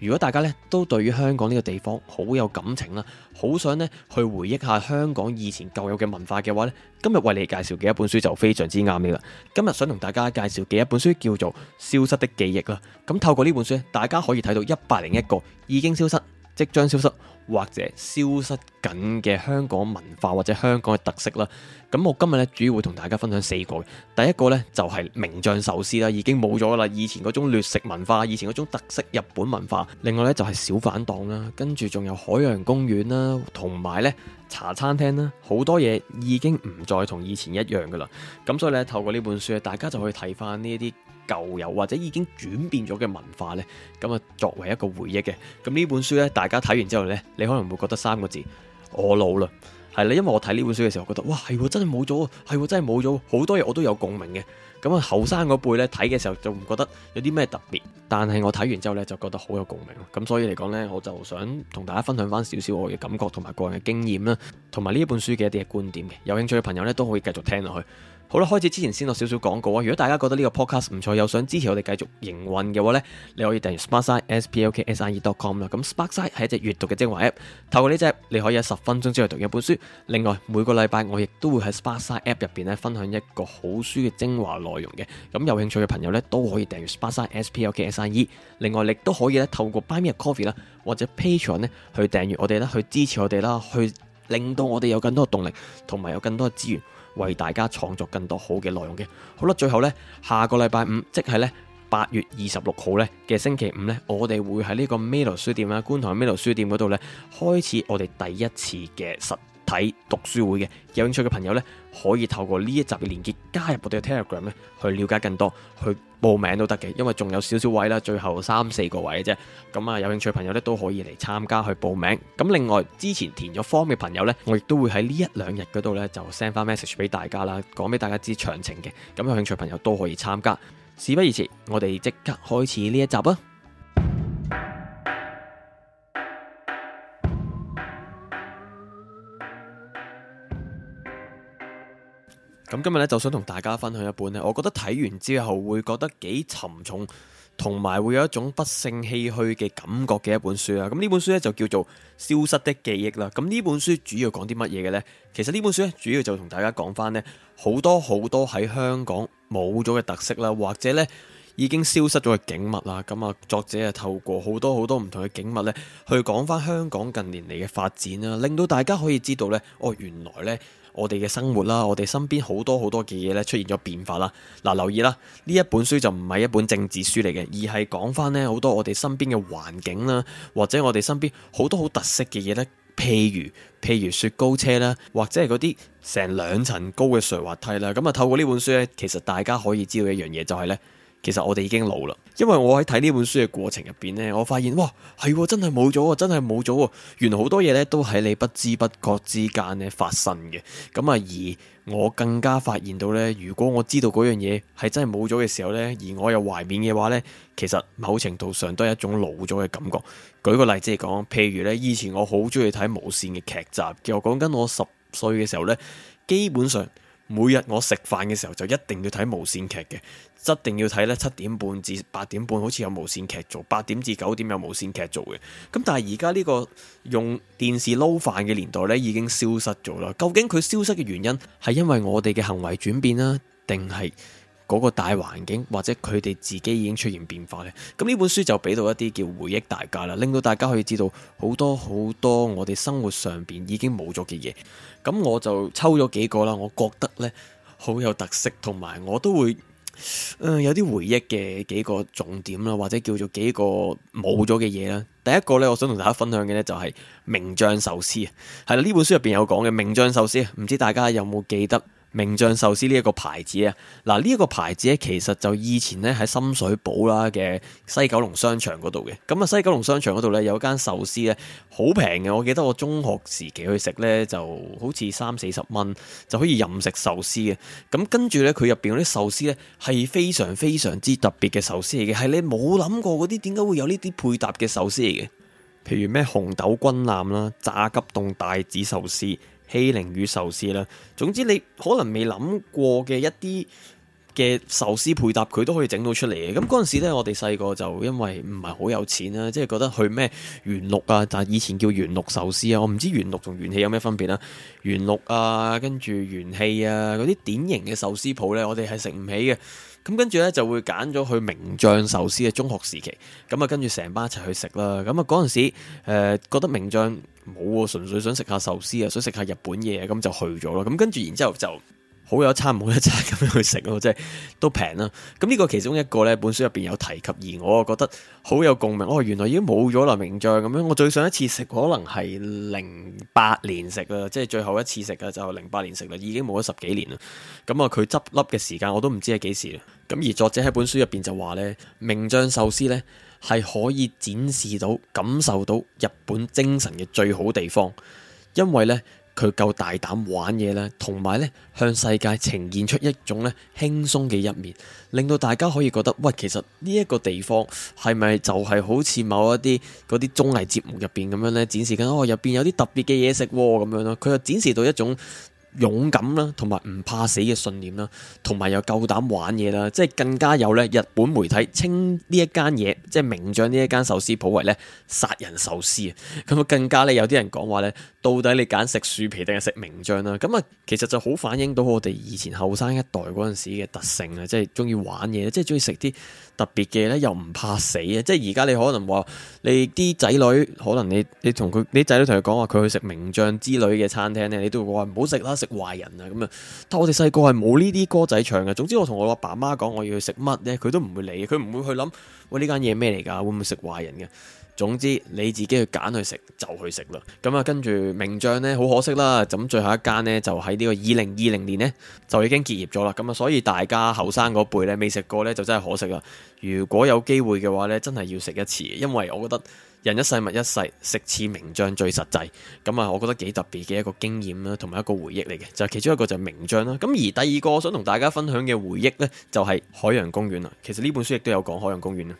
如果大家咧都對於香港呢個地方好有感情啦，好想呢去回憶下香港以前舊有嘅文化嘅話呢，今日為你介紹嘅一本書就非常之啱你啦。今日想同大家介紹嘅一本書叫做《消失的記憶》啦。咁透過呢本書，大家可以睇到一百零一個已經消失，即將消失或者消失緊嘅香港文化或者香港嘅特色啦，咁我今日咧主要會同大家分享四個，第一個呢，就係名將壽司啦，已經冇咗啦，以前嗰種劣食文化，以前嗰種特色日本文化，另外呢，就係小販檔啦，跟住仲有海洋公園啦，同埋呢茶餐廳啦，好多嘢已經唔再同以前一樣噶啦，咁所以呢，透過呢本書，大家就可以睇翻呢啲。舊有或者已經轉變咗嘅文化呢，咁啊作為一個回憶嘅，咁呢本書呢，大家睇完之後呢，你可能會覺得三個字我老啦，係啦，因為我睇呢本書嘅時候覺得，哇，係真係冇咗，係真係冇咗，好多嘢我都有共鳴嘅，咁啊後生嗰輩呢，睇嘅時候就唔覺得有啲咩特別，但係我睇完之後呢，就覺得好有共鳴，咁所以嚟講呢，我就想同大家分享翻少少我嘅感覺同埋個人嘅經驗啦，同埋呢一本書嘅一啲嘅觀點嘅，有興趣嘅朋友呢，都可以繼續聽落去。好啦，開始之前先落少少廣告啊！如果大家覺得呢個 podcast 唔錯，又想支持我哋繼續營運嘅話呢，你可以訂閱 Sparkside S, S P SP L K S R E dot com 啦。咁 Sparkside 係一隻閱讀嘅精華 App，透過呢隻你可以喺十分鐘之內讀一本書。另外每個禮拜我亦都會喺 Sparkside App 入邊呢分享一個好書嘅精華內容嘅。咁有興趣嘅朋友呢，都可以訂閱 Sparkside S, S P SP L K S R E。另外你都可以呢透過 Buy Me Coffee 啦或者 Patreon 呢去訂閱我哋啦，去支持我哋啦，去。令到我哋有更多嘅動力，同埋有更多嘅資源為大家創作更多好嘅內容嘅。好啦，最後呢，下個禮拜五，即係呢，八月二十六號呢嘅星期五呢，我哋會喺呢個 Milo 書店啦，觀塘 Milo 書店嗰度呢，開始我哋第一次嘅實。睇讀書會嘅有興趣嘅朋友呢，可以透過呢一集嘅連結加入我哋嘅 Telegram 呢，去了解更多，去報名都得嘅，因為仲有少少位啦，最後三四個位嘅啫，咁啊，有興趣嘅朋友呢，都可以嚟參加去報名。咁另外之前填咗 form 嘅朋友呢，我亦都會喺呢一兩日嗰度呢，就 send 返 message 俾大家啦，講俾大家知詳情嘅，咁有興趣朋友都可以參加。事不宜遲，我哋即刻開始呢一集啊、哦！咁今日咧就想同大家分享一本呢，我覺得睇完之後會覺得幾沉重，同埋會有一種不勝唏噓嘅感覺嘅一本書啦。咁呢本書咧就叫做《消失的記憶》啦。咁呢本書主要講啲乜嘢嘅呢？其實呢本書咧主要就同大家講翻呢，好多好多喺香港冇咗嘅特色啦，或者呢已經消失咗嘅景物啦。咁啊，作者啊透過好多好多唔同嘅景物呢，去講翻香港近年嚟嘅發展啦，令到大家可以知道呢。哦，原來呢。我哋嘅生活啦，我哋身邊好多好多嘅嘢咧出現咗變化啦。嗱，留意啦，呢一本書就唔係一本政治書嚟嘅，而係講翻呢好多我哋身邊嘅環境啦，或者我哋身邊好多好特色嘅嘢呢。譬如譬如雪糕車啦，或者係嗰啲成兩層高嘅水滑梯啦。咁啊，透過呢本書呢，其實大家可以知道一樣嘢就係呢。其實我哋已經老啦，因為我喺睇呢本書嘅過程入邊呢，我發現哇，係真係冇咗，真係冇咗。原來好多嘢呢都喺你不知不覺之間呢發生嘅。咁啊，而我更加發現到呢，如果我知道嗰樣嘢係真係冇咗嘅時候呢，而我又懷緬嘅話呢，其實某程度上都係一種老咗嘅感覺。舉個例子嚟講，譬如呢，以前我好中意睇無綫嘅劇集，我講緊我十歲嘅時候呢，基本上每日我食飯嘅時候就一定要睇無綫劇嘅。一定要睇咧，七點半至八點半好似有無線劇做，八點至九點有無線劇做嘅。咁但係而家呢個用電視撈飯嘅年代呢已經消失咗啦。究竟佢消失嘅原因係因為我哋嘅行為轉變啦，定係嗰個大環境或者佢哋自己已經出現變化呢？咁呢本書就俾到一啲叫回憶大家啦，令到大家可以知道好多好多我哋生活上面已經冇咗嘅嘢。咁我就抽咗幾個啦，我覺得呢好有特色，同埋我都會。誒、呃，有啲回憶嘅幾個重點啦，或者叫做幾個冇咗嘅嘢啦。第一個呢，我想同大家分享嘅呢，就係名將壽司啊，係啦，呢本書入邊有講嘅名將壽司啊，唔知大家有冇記得？名將壽司呢一個牌子啊，嗱呢一個牌子咧，其實就以前咧喺深水埗啦嘅西九龍商場嗰度嘅，咁啊西九龍商場嗰度咧有一間壽司咧好平嘅，我記得我中學時期去食咧就好似三四十蚊就可以任食壽司嘅，咁跟住咧佢入邊嗰啲壽司咧係非常非常之特別嘅壽司嚟嘅，係你冇諗過嗰啲點解會有呢啲配搭嘅壽司嚟嘅，譬如咩紅豆軍艦啦、炸急凍帶子壽司。欺凌與壽司啦，總之你可能未諗過嘅一啲嘅壽司配搭，佢都可以整到出嚟嘅。咁嗰陣時都係我哋細個就因為唔係好有錢啦、啊，即係覺得去咩元綠啊，就係以前叫元綠壽司啊，我唔知元綠同元氣有咩分別啦，元綠啊，跟住元氣啊嗰啲、啊、典型嘅壽司鋪呢，我哋係食唔起嘅。咁跟住呢，就會揀咗去名將壽司嘅中學時期，咁啊跟住成班一齊去食啦。咁啊嗰陣時，誒、呃、覺得名將冇喎，純粹想食下壽司啊，想食下日本嘢，咁就去咗咯。咁跟住然之後就。好有一餐冇一餐咁樣去食咯，即係都平啦。咁呢個其中一個呢，本書入邊有提及，而我啊覺得好有共鳴。哦，原來已經冇咗啦，名將咁樣。我最上一次食可能係零八年食啦，即係最後一次食嘅就零八年食啦，已經冇咗十幾年啦。咁、嗯、啊，佢執笠嘅時間我都唔知係幾時啦。咁而作者喺本書入邊就話呢，名將壽司呢係可以展示到、感受到日本精神嘅最好地方，因為呢。佢夠大膽玩嘢喇，同埋呢向世界呈現出一種呢輕鬆嘅一面，令到大家可以覺得喂，其實呢一個地方係咪就係好似某一啲嗰啲綜藝節目入邊咁樣呢？展示緊哦，入邊有啲特別嘅嘢食喎咁樣咯，佢又展示到一種。勇敢啦，同埋唔怕死嘅信念啦，同埋又夠膽玩嘢啦，即係更加有咧。日本媒體稱呢一間嘢，即係名將呢一間壽司鋪為咧殺人壽司啊！咁啊，更加咧有啲人講話咧，到底你揀食樹皮定係食名將啦？咁啊，其實就好反映到我哋以前後生一代嗰陣時嘅特性啊，即係中意玩嘢，即係中意食啲。特別嘅咧，又唔怕死啊！即係而家你可能話你啲仔女，可能你你同佢你仔女同佢講話，佢去食名將之類嘅餐廳咧，你都會話唔好食啦，食壞人啊咁樣！但我哋細個係冇呢啲歌仔唱嘅。總之我同我阿爸媽講我要去食乜咧，佢都唔會理，佢唔會去諗喂，呢間嘢咩嚟㗎，會唔會食壞人嘅？總之你自己去揀去食就去食啦，咁、嗯、啊跟住名將呢，好可惜啦，咁最後一間呢，就喺呢個二零二零年呢，就已經結業咗啦，咁、嗯、啊所以大家後生嗰輩呢，未食過呢，就真係可惜啦，如果有機會嘅話呢，真係要食一次，因為我覺得。人一世，物一世，食次名將最實際。咁啊，我覺得幾特別嘅一個經驗啦，同埋一個回憶嚟嘅，就係其中一個就係名將啦。咁而第二個我想同大家分享嘅回憶呢，就係海洋公園啦。其實呢本書亦都有講海洋公園啦。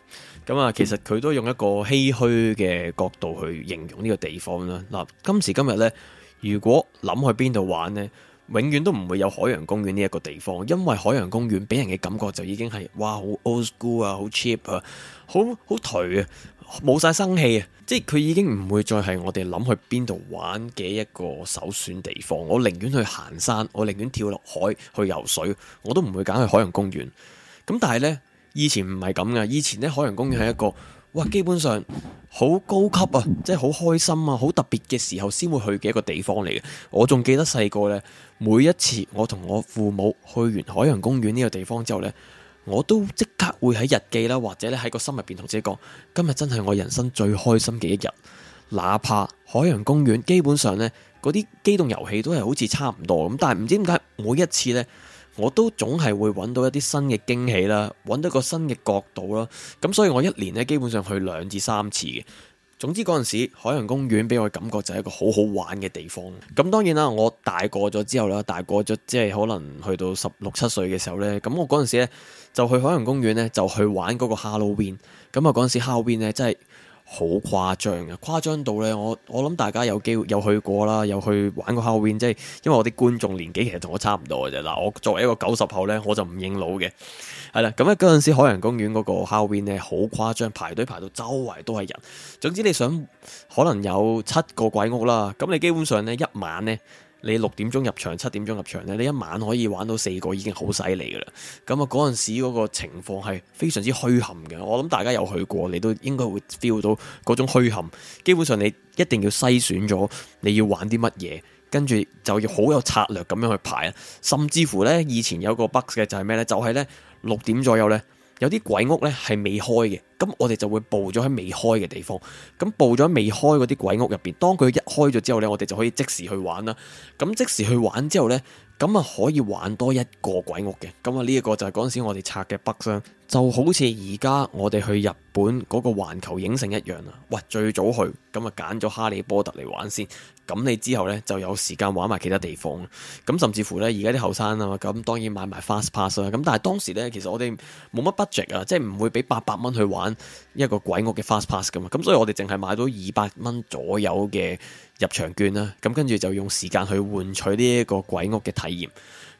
咁啊，其實佢都用一個唏噓嘅角度去形容呢個地方啦。嗱、嗯，今時今日呢，如果諗去邊度玩呢，永遠都唔會有海洋公園呢一個地方，因為海洋公園俾人嘅感覺就已經係哇，好 old school 啊，好 cheap 啊，好好頹啊。冇晒生氣啊！即係佢已經唔會再係我哋諗去邊度玩嘅一個首選地方。我寧願去行山，我寧願跳落海去游水，我都唔會揀去海洋公園。咁但係呢，以前唔係咁嘅。以前呢，海洋公園係一個哇，基本上好高級啊，即係好開心啊，好特別嘅時候先會去嘅一個地方嚟嘅。我仲記得細個呢，每一次我同我父母去完海洋公園呢個地方之後呢。我都即刻會喺日記啦，或者咧喺個心入邊同自己講：今日真係我人生最開心嘅一日。哪怕海洋公園基本上呢，嗰啲機動遊戲都係好似差唔多咁，但係唔知點解每一次呢，我都總係會揾到一啲新嘅驚喜啦，揾到個新嘅角度啦。咁所以我一年呢，基本上去兩至三次嘅。總之嗰陣時海洋公園俾我感覺就係一個好好玩嘅地方。咁當然啦，我大個咗之後啦，大個咗即係可能去到十六七歲嘅時候那那時呢，咁我嗰陣時咧。就去海洋公園呢，就去玩嗰個 Halloween。咁啊，嗰陣時 Halloween 呢真係好誇張嘅，誇張到呢，我我諗大家有機會有去過啦，有去玩過 Halloween，即係因為我啲觀眾年紀其實同我差唔多嘅啫。嗱，我作為一個九十後呢，我就唔認老嘅。係啦，咁呢嗰陣時海洋公園嗰個 Halloween 呢好誇張，排隊排到周圍都係人。總之你想可能有七個鬼屋啦，咁你基本上呢，一晚呢。你六點鐘入場，七點鐘入場咧，你一晚可以玩到四個已經好犀利㗎喇。咁啊，嗰陣時嗰個情況係非常之墟冚嘅。我諗大家有去過，你都應該會 feel 到嗰種墟冚。基本上你一定要篩選咗你要玩啲乜嘢，跟住就要好有策略咁樣去排。甚至乎呢，以前有個 box 嘅就係咩呢？就係呢，六點左右呢。有啲鬼屋呢係未開嘅，咁我哋就會步咗喺未開嘅地方，咁步咗未開嗰啲鬼屋入邊。當佢一開咗之後呢，我哋就可以即時去玩啦。咁即時去玩之後呢，咁啊可以玩多一個鬼屋嘅。咁啊呢一個就係嗰陣時我哋拆嘅北箱，就好似而家我哋去日本嗰個環球影城一樣啊。喂，最早去咁啊，揀咗哈利波特嚟玩先。咁你之後呢，就有時間玩埋其他地方啦。咁甚至乎呢，而家啲後生啊，咁當然買埋 fast pass 啦。咁但係當時呢，其實我哋冇乜 budget 啊，即係唔會俾八百蚊去玩一個鬼屋嘅 fast pass 噶嘛。咁所以我哋淨係買到二百蚊左右嘅入場券啦。咁跟住就用時間去換取呢一個鬼屋嘅體驗。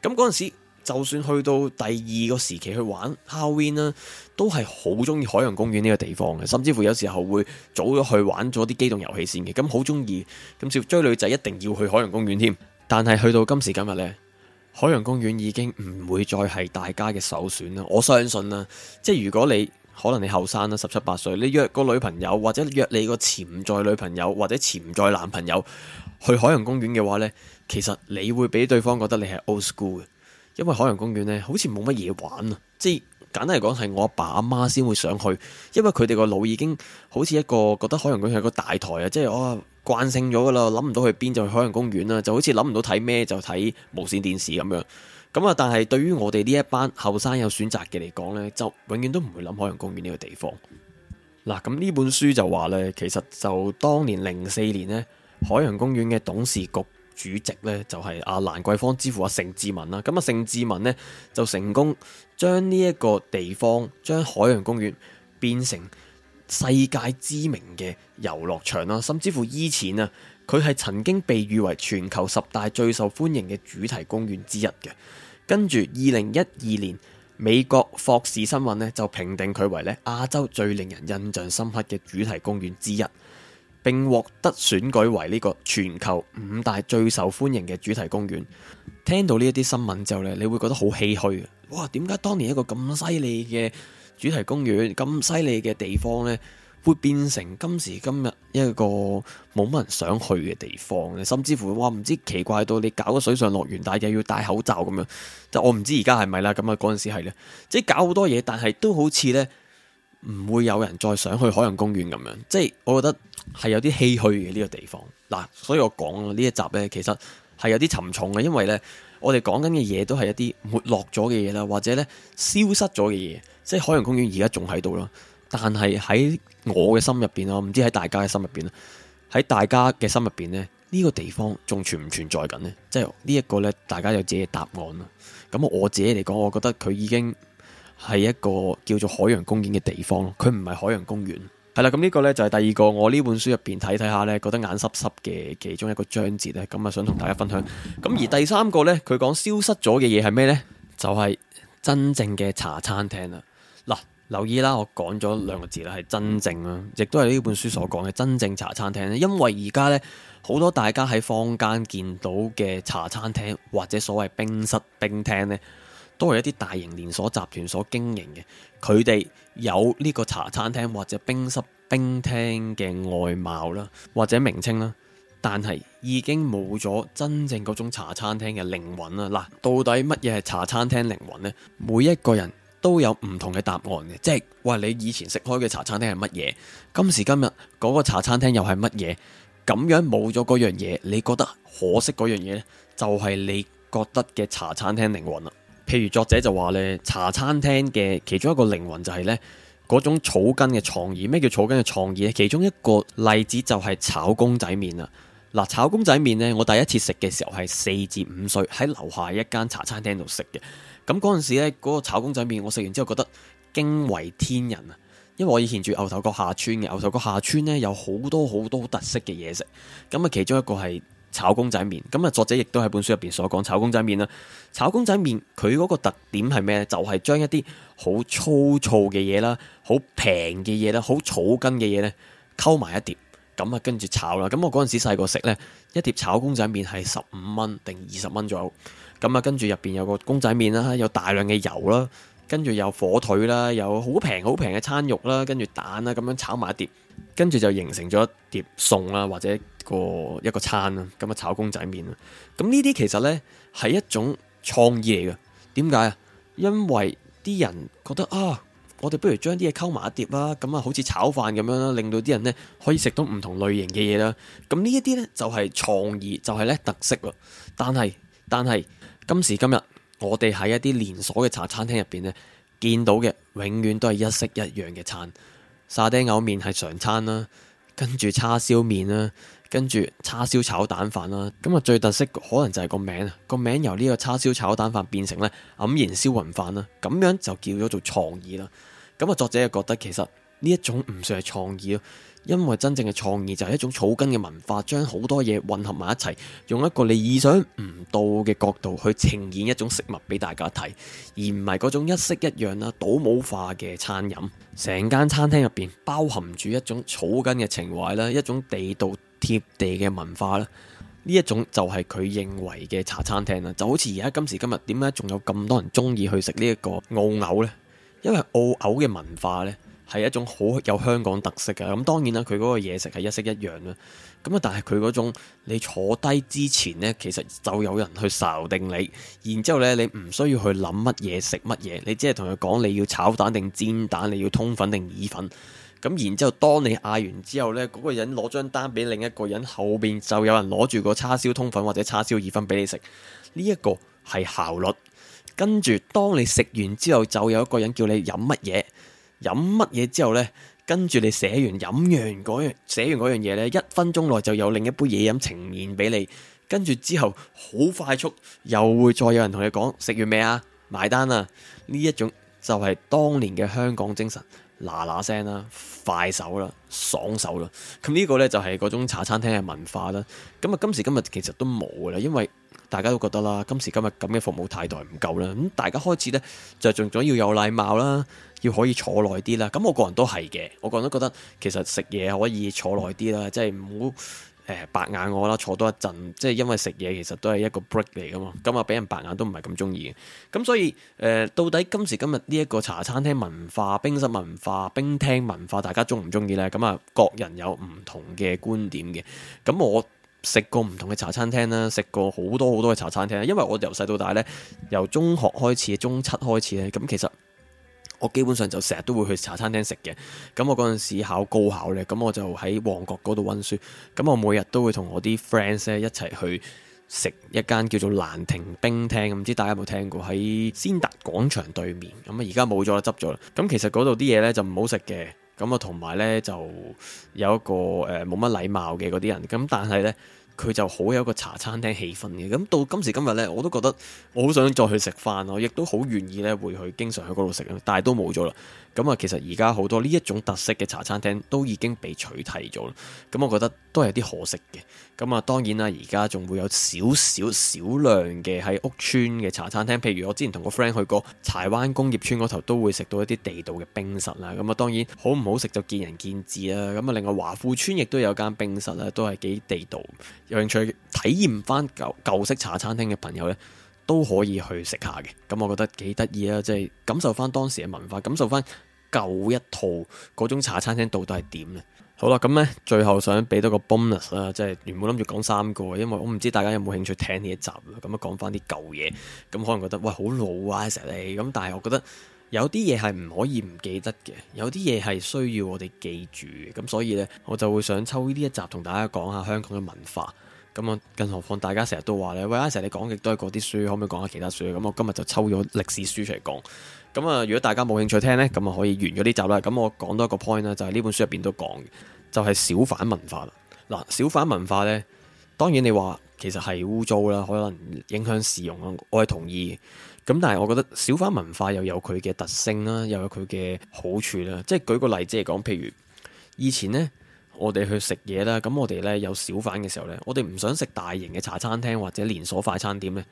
咁嗰陣時，就算去到第二個時期去玩 Halloween 啦。都係好中意海洋公園呢個地方嘅，甚至乎有時候會早咗去玩咗啲機動遊戲先嘅，咁好中意咁。接追女仔一定要去海洋公園添，但係去到今時今日呢，海洋公園已經唔會再係大家嘅首選啦。我相信啦，即係如果你可能你後生啦，十七八歲，你約個女朋友或者約你個潛在女朋友或者潛在男朋友去海洋公園嘅話呢，其實你會俾對方覺得你係 old school 嘅，因為海洋公園呢，好似冇乜嘢玩啊，即係簡單嚟講係我阿爸阿媽先會上去，因為佢哋個腦已經好似一個覺得海洋公園係個大台啊，即係我慣性咗噶啦，諗唔到去邊就去海洋公園啦，就好似諗唔到睇咩就睇無綫電視咁樣。咁啊，但係對於我哋呢一班後生有選擇嘅嚟講呢，就永遠都唔會諗海洋公園呢個地方。嗱，咁呢本書就話呢，其實就當年零四年呢，海洋公園嘅董事局。主席咧就係阿蘭桂芳之父阿盛志文啦，咁啊盛志文呢，就成功將呢一個地方將海洋公園變成世界知名嘅遊樂場啦，甚至乎以前啊佢係曾經被譽為全球十大最受歡迎嘅主題公園之一嘅。跟住二零一二年美國霍士新聞呢，就評定佢為咧亞洲最令人印象深刻嘅主題公園之一。並獲得選舉為呢個全球五大最受歡迎嘅主題公園。聽到呢一啲新聞之後呢，你會覺得好唏噓。哇，點解當年一個咁犀利嘅主題公園，咁犀利嘅地方呢，會變成今時今日一個冇乜人想去嘅地方咧？甚至乎，哇，唔知奇怪到你搞個水上樂園，但係又要戴口罩咁樣。就我唔知而家係咪啦，咁啊嗰陣時係咧，即係搞好多嘢，但係都好似呢。唔會有人再想去海洋公園咁樣，即係我覺得係有啲唏嘘嘅呢個地方。嗱，所以我講呢一集呢，其實係有啲沉重嘅，因為呢，我哋講緊嘅嘢都係一啲沒落咗嘅嘢啦，或者呢，消失咗嘅嘢。即係海洋公園而家仲喺度咯，但係喺我嘅心入邊咯，唔知喺大家嘅心入邊咧，喺大家嘅心入邊呢，呢個地方仲存唔存在緊呢？即係呢一個呢，大家有自己嘅答案咯。咁我自己嚟講，我覺得佢已經。係一個叫做海洋公園嘅地方，佢唔係海洋公園。係啦，咁呢個呢就係第二個我呢本書入邊睇睇下呢，覺得眼濕濕嘅其中一個章節呢，咁啊想同大家分享。咁而第三個呢，佢講消失咗嘅嘢係咩呢？就係、是、真正嘅茶餐廳啦。嗱、啊，留意啦，我講咗兩個字啦，係真正啦，亦都係呢本書所講嘅真正茶餐廳。因為而家呢，好多大家喺坊間見到嘅茶餐廳或者所謂冰室、冰廳呢。都係一啲大型連鎖集團所經營嘅，佢哋有呢個茶餐廳或者冰室冰廳嘅外貌啦，或者名稱啦，但係已經冇咗真正嗰種茶餐廳嘅靈魂啦。嗱，到底乜嘢係茶餐廳靈魂呢？每一個人都有唔同嘅答案嘅，即係話你以前食開嘅茶餐廳係乜嘢，今時今日嗰個茶餐廳又係乜嘢？咁樣冇咗嗰樣嘢，你覺得可惜嗰樣嘢呢，就係你覺得嘅茶餐廳靈魂啦。譬如作者就話咧，茶餐廳嘅其中一個靈魂就係咧嗰種草根嘅創意。咩叫草根嘅創意咧？其中一個例子就係炒公仔麵啦。嗱、啊，炒公仔麵咧，我第一次食嘅時候係四至五歲，喺樓下一間茶餐廳度食嘅。咁嗰陣時咧，嗰、嗰個炒公仔麵我食完之後覺得驚為天人啊！因為我以前住牛頭角下村嘅，牛頭角下村咧有好多好多好多特色嘅嘢食。咁、嗯、啊，其中一個係。炒公仔麵咁啊！作者亦都喺本書入邊所講炒公仔麵啦。炒公仔麵佢嗰個特點係咩咧？就係將一啲好粗糙嘅嘢啦、好平嘅嘢啦、好草根嘅嘢咧，溝埋一碟咁啊，跟住炒啦。咁我嗰陣時細個食呢，一碟炒公仔麵係十五蚊定二十蚊左右。咁啊，跟住入邊有個公仔麵啦，有大量嘅油啦，跟住有火腿啦，有好平好平嘅餐肉啦，跟住蛋啦，咁樣炒埋一碟。跟住就形成咗一碟餸啦，或者一個一個餐啊，咁啊炒公仔麵啊。咁呢啲其實呢，係一種創意嚟嘅，點解啊？因為啲人覺得啊，我哋不如將啲嘢溝埋一碟啦，咁啊好似炒飯咁樣啦，令到啲人呢可以食到唔同類型嘅嘢啦，咁呢一啲呢，就係創意，就係、是、咧特色咯。但係但係今時今日，我哋喺一啲連鎖嘅茶餐廳入邊呢，見到嘅，永遠都係一式一樣嘅餐。沙爹牛麵係常餐啦，跟住叉燒麵啦，跟住叉燒炒蛋飯啦，咁啊最特色可能就係個名啊，個名由呢個叉燒炒蛋飯變成咧黯然銷魂飯啦，咁樣就叫咗做創意啦，咁啊作者就覺得其實呢一種唔算係創意囉。因為真正嘅創意就係一種草根嘅文化，將好多嘢混合埋一齊，用一個你意想唔到嘅角度去呈現一種食物俾大家睇，而唔係嗰種一式一樣啦、倒模化嘅餐飲。成間餐廳入邊包含住一種草根嘅情懷啦，一種地道貼地嘅文化啦。呢一種就係佢認為嘅茶餐廳啦。就好似而家今時今日點解仲有咁多人鍾意去食呢一個澳牛呢？因為澳牛嘅文化呢。係一種好有香港特色嘅，咁當然啦，佢嗰個嘢食係一式一樣啦。咁啊，但係佢嗰種你坐低之前呢，其實就有人去愁定你，然之後呢，你唔需要去諗乜嘢食乜嘢，你只係同佢講你要炒蛋定煎蛋，你要通粉定意粉。咁然之後，當你嗌完之後呢，嗰個人攞張單俾另一個人，後邊就有人攞住個叉燒通粉或者叉燒意粉俾你食。呢一個係效率。跟住，當你食完之後，就有一個人叫你飲乜嘢。飲乜嘢，之後呢，跟住你寫完飲完嗰樣，寫完嗰樣嘢呢，一分鐘內就有另一杯嘢飲呈現俾你，跟住之後好快速又會再有人同你講，食完未啊？埋單啦！呢一種就係當年嘅香港精神，嗱嗱聲啦，快手啦，爽手啦，咁呢個呢，就係嗰種茶餐廳嘅文化啦。咁啊今時今日其實都冇啦，因為。大家都覺得啦，今時今日咁嘅服務態度唔夠啦，咁大家開始呢，就著重咗要有禮貌啦，要可以坐耐啲啦。咁我個人都係嘅，我個人都覺得其實食嘢可以坐耐啲啦，即係唔好白眼我啦，坐多一陣，即係因為食嘢其實都係一個 break 嚟噶嘛，咁啊俾人白眼都唔係咁中意嘅。咁所以誒、呃，到底今時今日呢一個茶餐廳文化、冰室文化、冰廳文化，大家中唔中意呢？咁啊，各人有唔同嘅觀點嘅，咁我。食過唔同嘅茶餐廳啦，食過好多好多嘅茶餐廳，因為我由細到大呢，由中學開始，中七開始呢，咁其實我基本上就成日都會去茶餐廳食嘅。咁我嗰陣時考高考呢，咁我就喺旺角嗰度溫書，咁我每日都會同我啲 friends 咧一齊去食一間叫做蘭亭冰廳，唔知大家有冇聽過，喺先達廣場對面。咁啊，而家冇咗啦，執咗啦。咁其實嗰度啲嘢呢，就唔好食嘅。咁啊，同埋呢就有一個冇乜禮貌嘅嗰啲人，咁但係呢，佢就好有個茶餐廳氣氛嘅，咁到今時今日呢，我都覺得我好想再去食飯，我亦都好願意咧會去經常去嗰度食，但係都冇咗啦。咁啊，其實而家好多呢一種特色嘅茶餐廳都已經被取替咗啦。咁我覺得都係啲可惜嘅。咁啊，當然啦，而家仲會有少少少量嘅喺屋邨嘅茶餐廳，譬如我之前同個 friend 去過柴灣工業村嗰頭，都會食到一啲地道嘅冰室啦。咁啊，當然好唔好食就見仁見智啦。咁啊，另外華富邨亦都有間冰室啦，都係幾地道。有興趣體驗翻舊舊式茶餐廳嘅朋友呢，都可以去食下嘅。咁我覺得幾得意呀，即係感受翻當時嘅文化，感受翻舊一套嗰種茶餐廳到底係點呢？好啦，咁呢最後想俾多個 bonus 啦，即係原本諗住講三個，因為我唔知大家有冇興趣聽呢一集啦。咁啊講翻啲舊嘢，咁可能覺得喂，好老啊，成日嚟，咁但係我覺得。有啲嘢係唔可以唔記得嘅，有啲嘢係需要我哋記住嘅，咁所以呢，我就會想抽呢一集同大家講下香港嘅文化。咁啊，更何況大家成日都話呢，喂，阿 Sir，你講極都係嗰啲書，可唔可以講下其他書？咁我今日就抽咗歷史書出嚟講。咁啊，如果大家冇興趣聽呢，咁啊可以完咗呢集啦。咁我講多一個 point 啦，就係、是、呢本書入邊都講，就係、是、小販文化啦。嗱，小販文化呢，當然你話其實係污糟啦，可能影響市容，我係同意。咁但係我覺得小販文化又有佢嘅特性啦，又有佢嘅好處啦。即係舉個例子嚟講，譬如以前呢，我哋去食嘢啦，咁我哋呢，有小販嘅時候呢，我哋唔想食大型嘅茶餐廳或者連鎖快餐店呢，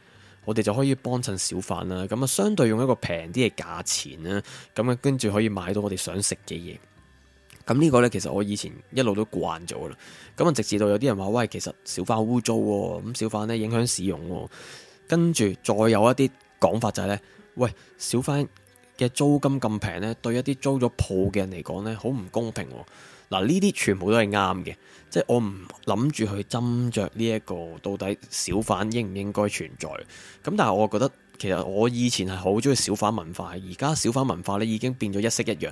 我哋就可以幫襯小販啦。咁啊，相對用一個平啲嘅價錢啦，咁樣跟住可以買到我哋想食嘅嘢。咁呢個呢，其實我以前一路都慣咗啦。咁啊，直至到有啲人話，喂，其實小販污糟喎，咁小販呢，影響市容喎、哦，跟住再有一啲。講法就係、是、咧，喂，小販嘅租金咁平咧，對一啲租咗鋪嘅人嚟講咧，好唔公平、啊。嗱，呢啲全部都係啱嘅，即、就、係、是、我唔諗住去斟酌呢、這、一個到底小販應唔應該存在。咁但係我覺得，其實我以前係好中意小販文化，而家小販文化咧已經變咗一式一樣，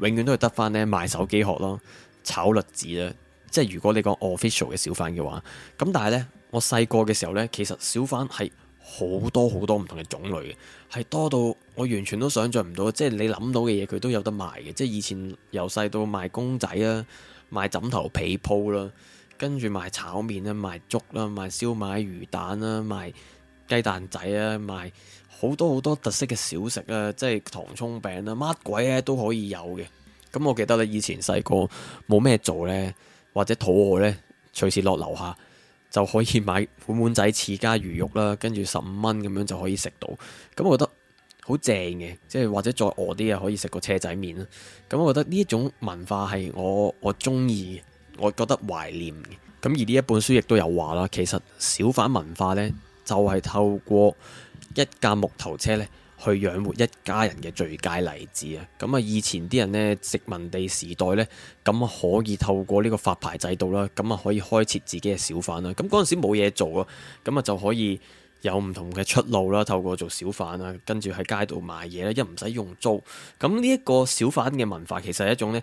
永遠都係得翻咧賣手機殼咯、炒栗子啦。即係如果你講 official 嘅小販嘅話，咁但係咧，我細個嘅時候咧，其實小販係。好多好多唔同嘅種類嘅，係多到我完全都想像唔到，即係你諗到嘅嘢佢都有得賣嘅。即係以前由細到賣公仔啦，賣枕頭被鋪啦，跟住賣炒麵啦，賣粥啦，賣燒賣魚蛋啦，賣雞蛋仔啊，賣好多好多特色嘅小食啦，即係糖蔥餅啦，乜鬼咧都可以有嘅。咁我記得咧，以前細個冇咩做呢？或者肚餓呢？隨時落樓下。就可以買碗碗仔翅加魚肉啦，跟住十五蚊咁樣就可以食到，咁我覺得好正嘅，即係或者再餓啲啊，可以食個車仔麵啦。咁我覺得呢一種文化係我我中意，我覺得懷念嘅。咁而呢一本書亦都有話啦，其實小販文化呢，就係透過一架木頭車呢。去養活一家人嘅最佳例子啊！咁啊，以前啲人呢，殖民地時代呢，咁可以透過呢個發牌制度啦，咁啊可以開設自己嘅小販啦。咁嗰陣時冇嘢做啊，咁啊就可以有唔同嘅出路啦。透過做小販啊，跟住喺街度賣嘢咧，因為唔使用租。咁呢一個小販嘅文化其實係一種呢。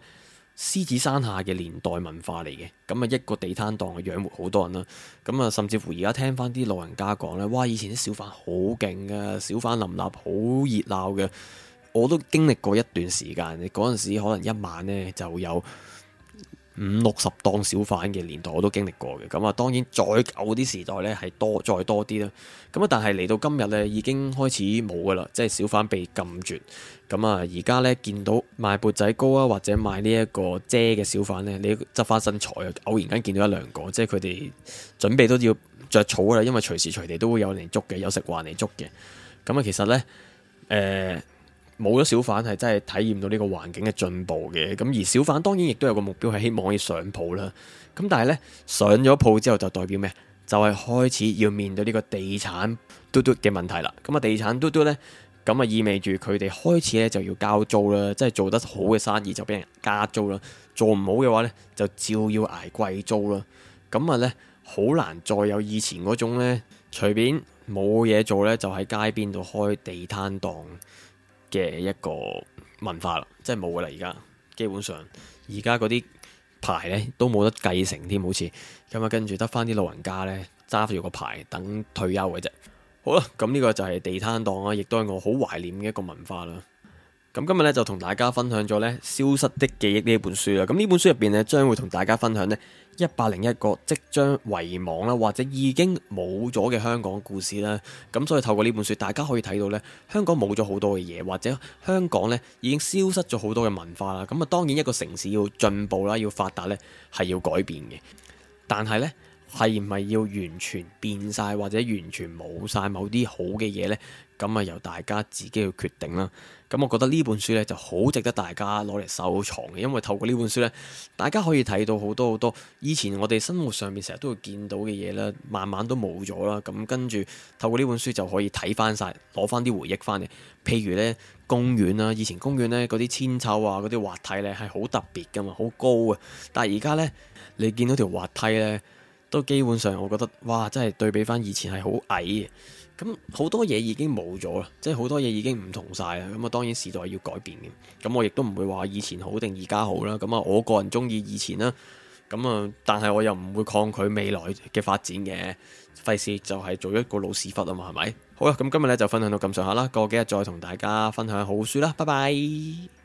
獅子山下嘅年代文化嚟嘅，咁啊一個地攤檔養活好多人啦。咁啊，甚至乎而家聽翻啲老人家講呢，「哇！以前啲小販好勁㗎，小販林立，好熱鬧㗎」。我都經歷過一段時間，嗰陣時可能一晚呢就有。五六十檔小販嘅年代我都經歷過嘅，咁啊當然再舊啲時代呢係多再多啲啦，咁啊但係嚟到今日呢已經開始冇噶啦，即係小販被禁絕，咁啊而家呢見到賣缽仔糕啊，或者賣呢一個遮嘅小販呢，你執返身財，偶然間見到一兩個，即係佢哋準備都要着草噶啦，因為隨時隨地都會有人捉嘅，有食環嚟捉嘅，咁啊其實呢。誒、呃。冇咗小販係真係體驗到呢個環境嘅進步嘅，咁而小販當然亦都有個目標係希望可以上鋪啦。咁但係呢，上咗鋪之後就代表咩？就係開始要面對呢個地產嘟嘟嘅問題啦。咁啊地產嘟嘟呢？咁啊意味住佢哋開始呢就要交租啦。即係做得好嘅生意就俾人加租啦，做唔好嘅話呢就照要捱貴租啦。咁啊呢，好難再有以前嗰種呢，隨便冇嘢做呢，就喺街邊度開地攤檔，嘅一個文化啦，即係冇噶啦。而家基本上而家嗰啲牌呢都冇得繼承添，好似咁啊。跟住得返啲老人家呢揸住個牌等退休嘅啫。好啦，咁呢個就係地攤檔啦，亦都係我好懷念嘅一個文化啦。咁今日咧就同大家分享咗呢《消失的記憶》呢本書啦。咁呢本書入邊呢，將會同大家分享呢一百零一個即將遺忘啦，或者已經冇咗嘅香港故事啦。咁所以透過呢本書，大家可以睇到呢，香港冇咗好多嘅嘢，或者香港呢已經消失咗好多嘅文化啦。咁啊，當然一個城市要進步啦，要發達呢，係要改變嘅，但係呢。係唔係要完全變晒，或者完全冇晒某啲好嘅嘢呢？咁啊，由大家自己去決定啦。咁，我覺得呢本書呢，就好值得大家攞嚟收藏嘅，因為透過呢本書呢，大家可以睇到好多好多以前我哋生活上面成日都會見到嘅嘢啦，慢慢都冇咗啦。咁跟住透過呢本書就可以睇返晒，攞返啲回憶返嚟。譬如呢公園啦，以前公園呢嗰啲千秋啊，嗰啲滑梯呢係好特別㗎嘛，好高啊。但係而家呢，你見到條滑梯呢。都基本上，我覺得哇，真係對比翻以前係好矮嘅。咁好多嘢已經冇咗啦，即係好多嘢已經唔同晒啦。咁啊，當然時代要改變嘅。咁我亦都唔會話以前好定而家好啦。咁啊，我個人中意以前啦。咁啊，但係我又唔會抗拒未來嘅發展嘅。費事就係做一個老屎忽啊嘛，係咪好啦？咁今日呢就分享到咁上下啦。過幾日再同大家分享好書啦。拜拜。